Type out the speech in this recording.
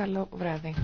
Καλό βράδυ.